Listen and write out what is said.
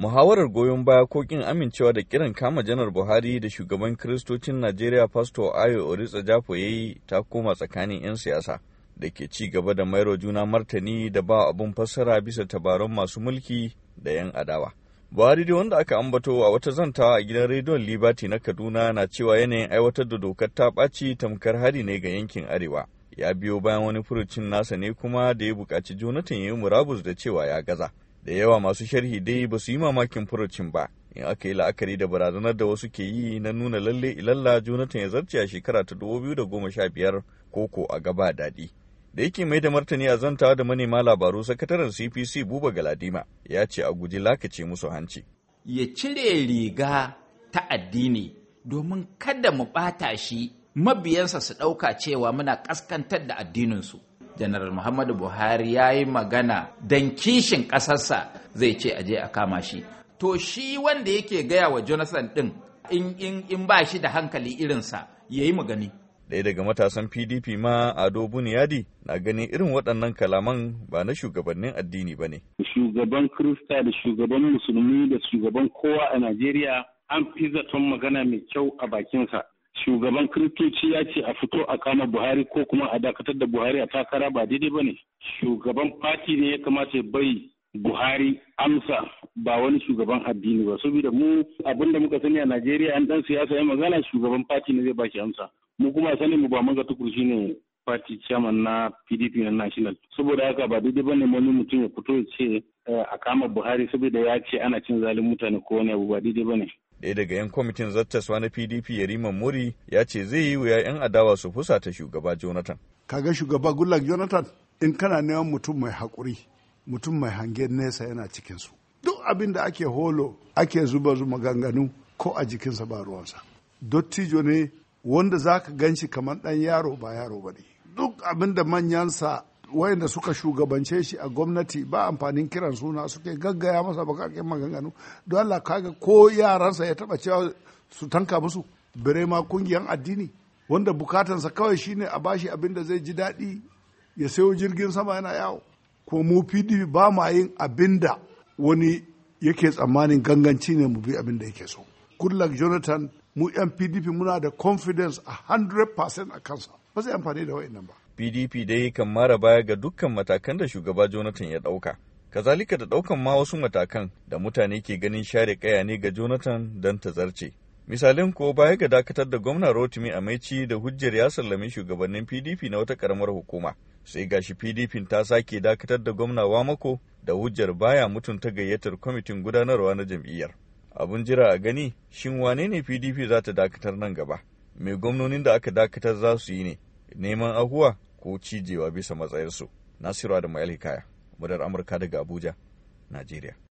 Muhawarar goyon baya ko kin amincewa da kiran kama janar Buhari da shugaban Kiristocin Najeriya Pastor Ayo Oritsa japo ya yi ta koma tsakanin 'yan siyasa da ke ci gaba da mairo juna martani da ba abun fassara bisa tabaron masu mulki da 'yan adawa. Buhari dai wanda aka ambato a wata zantawa a gidan rediyon Liberty na Kaduna na cewa yanayin aiwatar da dokar ta ɓaci tamkar hari ne ga yankin Arewa. Ya biyo bayan wani furucin nasa ne kuma da ya buƙaci Jonathan ya yi murabus da cewa ya gaza. da yawa masu sharhi dai ba su yi mamakin furucin ba in aka yi la'akari da barazanar da wasu ke yi na nuna lalle ilalla jonathan ya zarce a shekara ta da goma biyar koko a gaba daɗi da yake mai da martani a zantawa da manema labaru sakataren cpc buba galadima ya ce a guji lakace musu hanci ya cire riga ta addini domin kada mu ɓata shi mabiyansa su ɗauka cewa muna ƙaskantar da addininsu janar muhammadu buhari ya yi magana don kishin ƙasarsa zai ce aje a kama shi to shi wanda yake gaya wa jonathan ɗin in ba shi da hankali irinsa ya yi magani ɗaya daga matasan pdp ma ado buniyadi na gani irin waɗannan kalaman ba na shugabannin addini ba ne shugaban kirista da shugaban musulmi da shugaban kowa a najeriya an fi zaton magana mai kyau a bakinsa shugaban kiristoci ya ce a fito a kama buhari ko kuma a dakatar da buhari a takara ba daidai ba ne shugaban fati ne ya kamata ya bai buhari amsa ba wani shugaban addini ba saboda mu abinda muka sani a najeriya an dan siyasa ya magana shugaban fati ne zai baki amsa mu kuma sani mu ba ga tukurshi ne fati chairman na pdp na national saboda haka ba daidai ba ne wani mutum ya fito ya ce eh, a kama buhari saboda ya ce ana cin zalin mutane ko wani abu ba daidai ba ne ɗaya daga 'yan kwamitin zattaswa na pdp Yariman muri ya ce zai yi wuya 'yan adawa su ta shugaba jonathan kaga shugaba gulag jonathan in kana neman mutum mai haƙuri mutum mai hange nesa yana cikinsu duk abin da ake holo ake zuba zuma ganganu ko a jikinsa ba ruwansa dottijo ne wanda za ka gan shi kamar ɗan yaro ba yaro ba ne duk abin da manyansa wayanda suka shugabance shi a gwamnati ba amfanin kiran suna suke gaggaya masa bakakken maganganu don Allah kaga ko yaransa ya taba cewa su tanka musu bire ma kungiyan addini wanda bukatansa kawai shine a bashi abin da zai ji daɗi ya sayo jirgin sama yana yawo ko mu PDP ba ma yin abin da wani yake tsammanin ganganci ne mu bi abin da yake so Goodluck Jonathan mu yan PDP muna da confidence a 100% a kansa ba zai amfani da wayannan ba PDP dai kan mara baya ga dukkan matakan da shugaba Jonathan ya ɗauka. Kazalika da ɗaukan ma wasu matakan da mutane ke ganin share kaya ne ga Jonathan don ta zarce. Misalin ko baya ga dakatar da gwamna Rotimi Amaici da hujjar ya sallame shugabannin PDP na wata karamar hukuma. Sai gashi PDP ta sake dakatar da gwamna Wamako da hujjar baya mutunta gayyatar kwamitin gudanarwa na jam'iyyar. Abun jira a gani shin wane ne PDP za ta dakatar nan gaba? Mai gwamnonin da aka dakatar za su yi ne? Neman ahuwa ko cijewa bisa matsayarsu nasiru da mayar hikaya amurka daga abuja najeriya